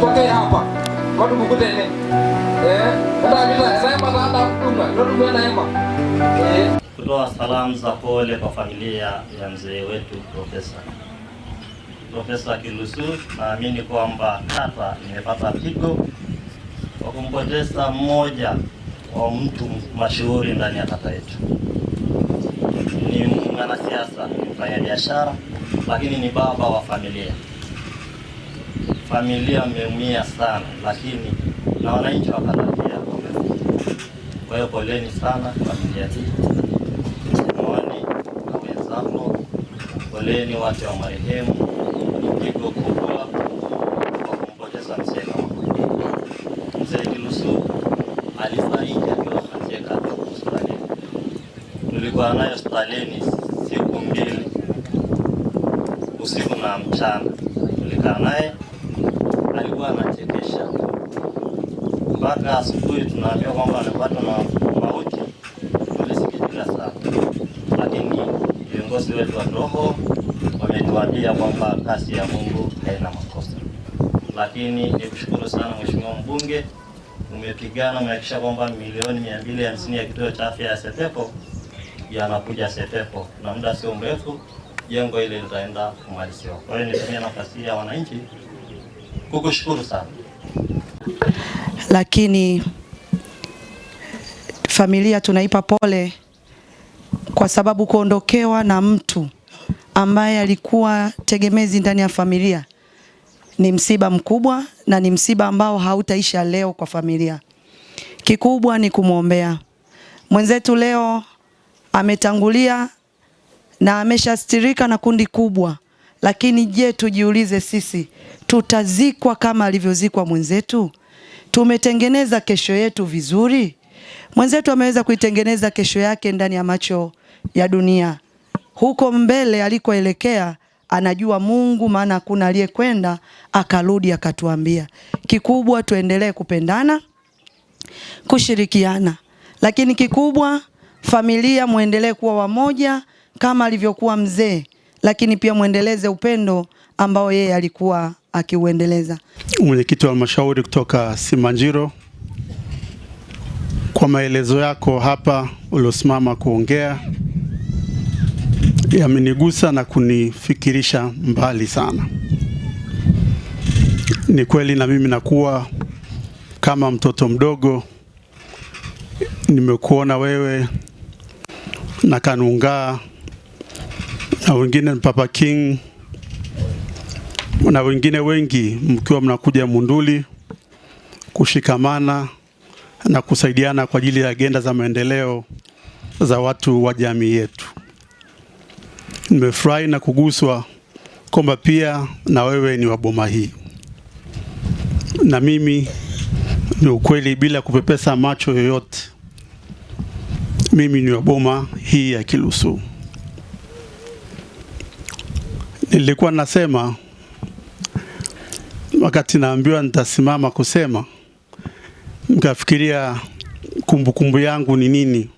Usipokee hapa. Watu mkute ne. Eh, hata bila sema na hata kunywa. Watu mwenda hema. Eh, kutoa salamu za pole kwa familia ya mzee wetu Profesa Profesa Kilusu. Naamini kwamba kata imepata pigo kwa kumpoteza mmoja wa mtu mashuhuri ndani ya kata yetu. Ni mwanasiasa, ni biashara lakini ni baba wa familia familia ameumia sana, lakini na wananchi wakatakia. Kwa hiyo poleni sana familia hii Moni na wenzako, poleni watu wa marehemu, pigo kubwa kwa kumpoteza mzee Kamau. Mzee Kilusu alifariki akiwa katika hospitali, tulikuwa naye hospitalini siku mbili, usiku na mchana, tulikaa naye alikuwa anachekesha mpaka asubuhi, tunaambiwa kwamba amepata na mauti. Tulisikitika sana, lakini viongozi wetu roho wametuambia kwamba kazi ya Mungu haina makosa. Lakini ni kushukuru sana Mheshimiwa Mbunge, umepigana umehakikisha kwamba milioni mia mbili hamsini ya kituo cha afya ya Setepo yanakuja Setepo, na muda sio mrefu jengo hili litaenda kumaliziwa. Kwa hiyo nitumia nafasi hii ya wananchi kukushukuru sana. Lakini familia tunaipa pole kwa sababu kuondokewa na mtu ambaye alikuwa tegemezi ndani ya familia ni msiba mkubwa na ni msiba ambao hautaisha leo kwa familia. Kikubwa ni kumwombea mwenzetu. Leo ametangulia na ameshastirika na kundi kubwa, lakini je, tujiulize sisi tutazikwa kama alivyozikwa mwenzetu? Tumetengeneza kesho yetu vizuri? Mwenzetu ameweza kuitengeneza kesho yake ndani ya macho ya dunia. Huko mbele alikoelekea anajua Mungu, maana hakuna aliyekwenda akarudi akatuambia. Kikubwa tuendelee kupendana, kushirikiana, lakini kikubwa familia muendelee kuwa wamoja kama alivyokuwa mzee, lakini pia muendeleze upendo ambao yeye alikuwa akiuendeleza. Mwenyekiti wa halmashauri kutoka Simanjiro, kwa maelezo yako hapa uliosimama kuongea yamenigusa na kunifikirisha mbali sana. Ni kweli na mimi nakuwa kama mtoto mdogo, nimekuona wewe na Kanungaa na wengine Mpapa King na wengine wengi mkiwa mnakuja Munduli kushikamana na kusaidiana kwa ajili ya agenda za maendeleo za watu wa jamii yetu. Nimefurahi na kuguswa kwamba pia na wewe ni wa boma hii, na mimi ni ukweli, bila kupepesa macho yoyote, mimi ni wa boma hii ya Kilusu. Nilikuwa nasema wakati naambiwa nitasimama kusema, nikafikiria kumbukumbu yangu ni nini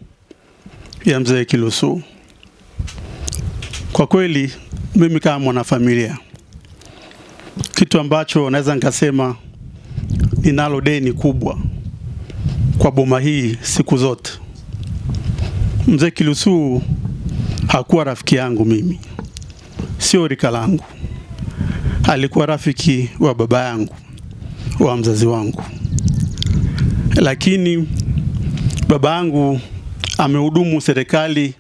ya mzee Kilusu. Kwa kweli mimi kama mwanafamilia, kitu ambacho naweza nikasema ninalo deni kubwa kwa boma hii siku zote. Mzee Kilusu hakuwa rafiki yangu mimi, sio rika langu, alikuwa rafiki wa baba yangu wa mzazi wangu, lakini baba yangu amehudumu serikali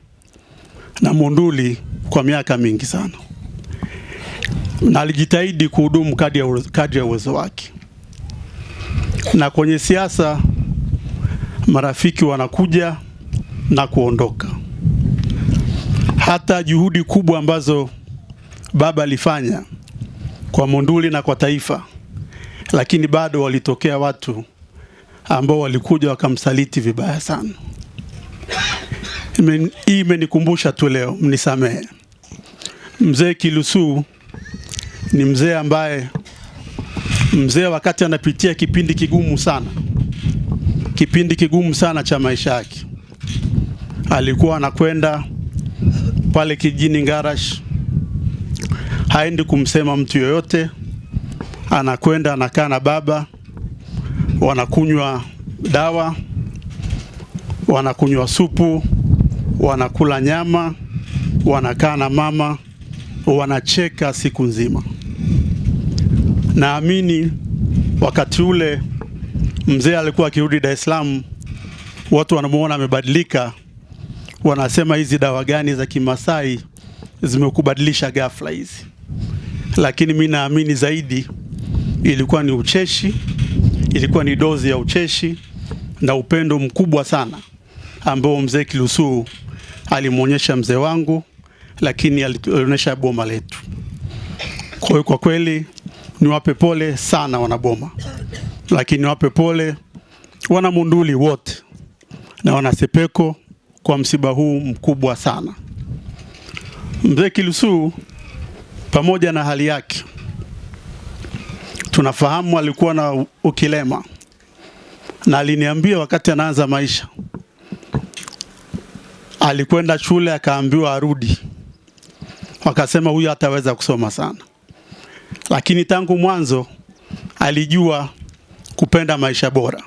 na Monduli kwa miaka mingi sana, na alijitahidi kuhudumu kadri ya uwezo wake. Na kwenye siasa marafiki wanakuja na kuondoka. Hata juhudi kubwa ambazo baba alifanya kwa Monduli na kwa taifa, lakini bado walitokea watu ambao walikuja wakamsaliti vibaya sana. Hii imenikumbusha tu leo, mnisamehe. Mzee Kilusu ni mzee ambaye mzee wakati anapitia kipindi kigumu sana, kipindi kigumu sana cha maisha yake, alikuwa anakwenda pale kijini Ngarash haendi kumsema mtu yoyote, anakwenda anakaa na baba, wanakunywa dawa, wanakunywa supu, wanakula nyama, wanakaa na mama, wanacheka siku nzima. Naamini wakati ule mzee alikuwa akirudi Dar es Salaam, watu wanamuona amebadilika, wanasema hizi dawa gani za Kimasai zimekubadilisha ghafla hizi? lakini mi naamini zaidi ilikuwa ni ucheshi, ilikuwa ni dozi ya ucheshi na upendo mkubwa sana ambao mzee kilusuu alimwonyesha mzee wangu, lakini alionyesha boma letu. Kwa hiyo kwa kweli niwape pole sana wanaboma, lakini niwape pole wana Munduli wote na wanasepeko kwa msiba huu mkubwa sana. Mzee kilusuu pamoja na hali yake, tunafahamu alikuwa na ukilema, na aliniambia wakati anaanza maisha alikwenda shule akaambiwa arudi, wakasema huyu hataweza kusoma sana, lakini tangu mwanzo alijua kupenda maisha bora.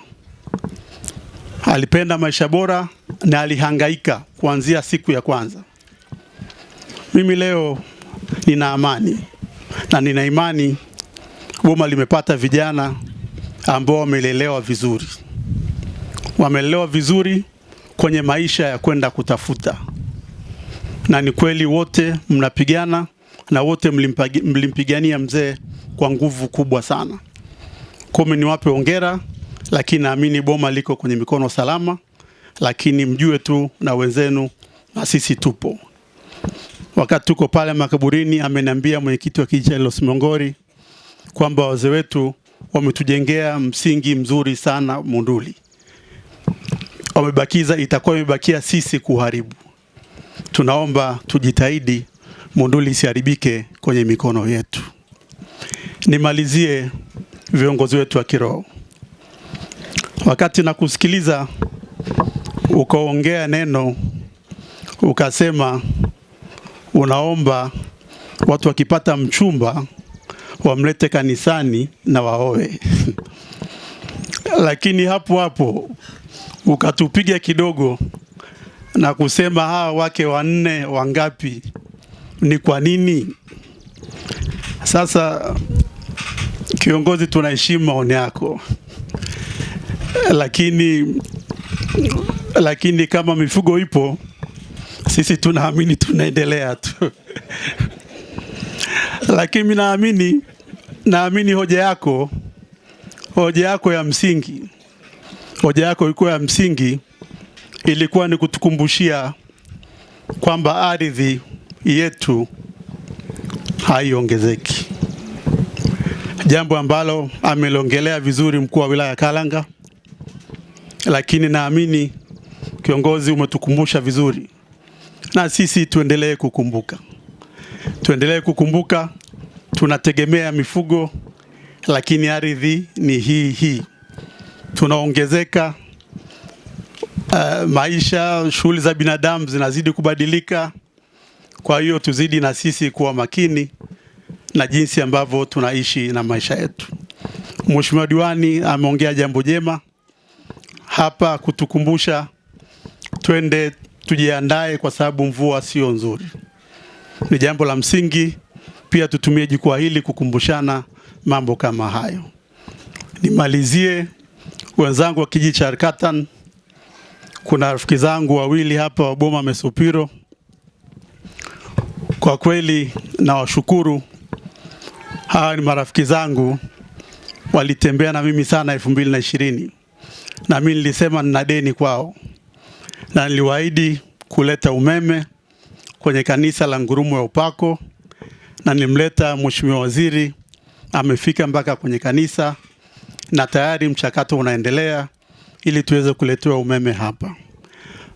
Alipenda maisha bora na alihangaika kuanzia siku ya kwanza. Mimi leo nina amani na nina imani Boma limepata vijana ambao wamelelewa vizuri, wamelelewa vizuri kwenye maisha ya kwenda kutafuta, na ni kweli wote mnapigana na wote mlimpigania mzee kwa nguvu kubwa sana. Kome niwape hongera, lakini naamini Boma liko kwenye mikono salama, lakini mjue tu na wenzenu na sisi tupo. Wakati tuko pale makaburini, ameniambia mwenyekiti wa kijiji Los Mongori kwamba wazee wetu wametujengea msingi mzuri sana Munduli, wamebakiza, itakuwa imebakia sisi kuharibu. Tunaomba tujitahidi Munduli isiharibike kwenye mikono yetu. Nimalizie viongozi wetu wa kiroho, wakati nakusikiliza ukaongea neno ukasema unaomba watu wakipata mchumba wamlete kanisani na waoe. Lakini hapo hapo ukatupiga kidogo na kusema hawa wake wanne wangapi? Ni kwa nini? Sasa kiongozi, tunaheshimu maoni yako, lakini lakini kama mifugo ipo sisi tunaamini tunaendelea tu lakini naamini naamini hoja yako hoja yako ya msingi hoja yako ilikuwa ya msingi, ilikuwa ni kutukumbushia kwamba ardhi yetu haiongezeki, jambo ambalo ameliongelea vizuri mkuu wa wilaya Kalanga, lakini naamini kiongozi, umetukumbusha vizuri na sisi tuendelee kukumbuka, tuendelee kukumbuka, tunategemea mifugo, lakini ardhi ni hii hii, tunaongezeka uh, maisha, shughuli za binadamu zinazidi kubadilika. Kwa hiyo tuzidi na sisi kuwa makini na jinsi ambavyo tunaishi na maisha yetu. Mheshimiwa diwani ameongea jambo jema hapa kutukumbusha twende tujiandae kwa sababu mvua sio nzuri, ni jambo la msingi. Pia tutumie jukwaa hili kukumbushana mambo kama hayo. Nimalizie wenzangu wa kijiji cha Arkatan, kuna rafiki zangu wawili hapa wa Boma Mesopiro, kwa kweli nawashukuru. Hawa ni marafiki zangu, walitembea na mimi sana elfu mbili na ishirini na mimi nilisema nina deni kwao na niliwaahidi kuleta umeme kwenye kanisa la Ngurumo ya Upako, na nimleta mheshimiwa waziri, amefika mpaka kwenye kanisa na tayari mchakato unaendelea ili tuweze kuletewa umeme hapa.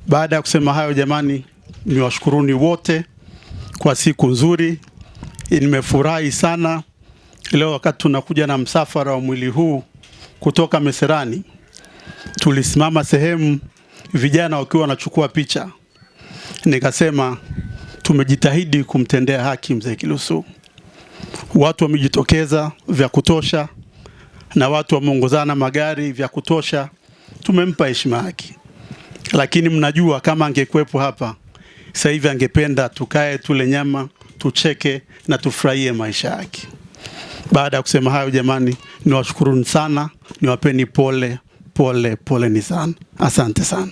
Baada ya kusema hayo, jamani, niwashukuruni wote kwa siku nzuri. Nimefurahi sana leo wakati tunakuja na msafara wa mwili huu kutoka Meserani, tulisimama sehemu vijana wakiwa wanachukua picha, nikasema tumejitahidi kumtendea haki mzee Kilusu. Watu wamejitokeza vya kutosha na watu wameongozana magari vya kutosha, tumempa heshima yake. Lakini mnajua kama angekuwepo hapa sasa hivi angependa tukae tule nyama tucheke na tufurahie maisha yake. Baada ya kusema hayo, jamani, niwashukuruni sana, niwapeni pole pole poleni sana, asante sana.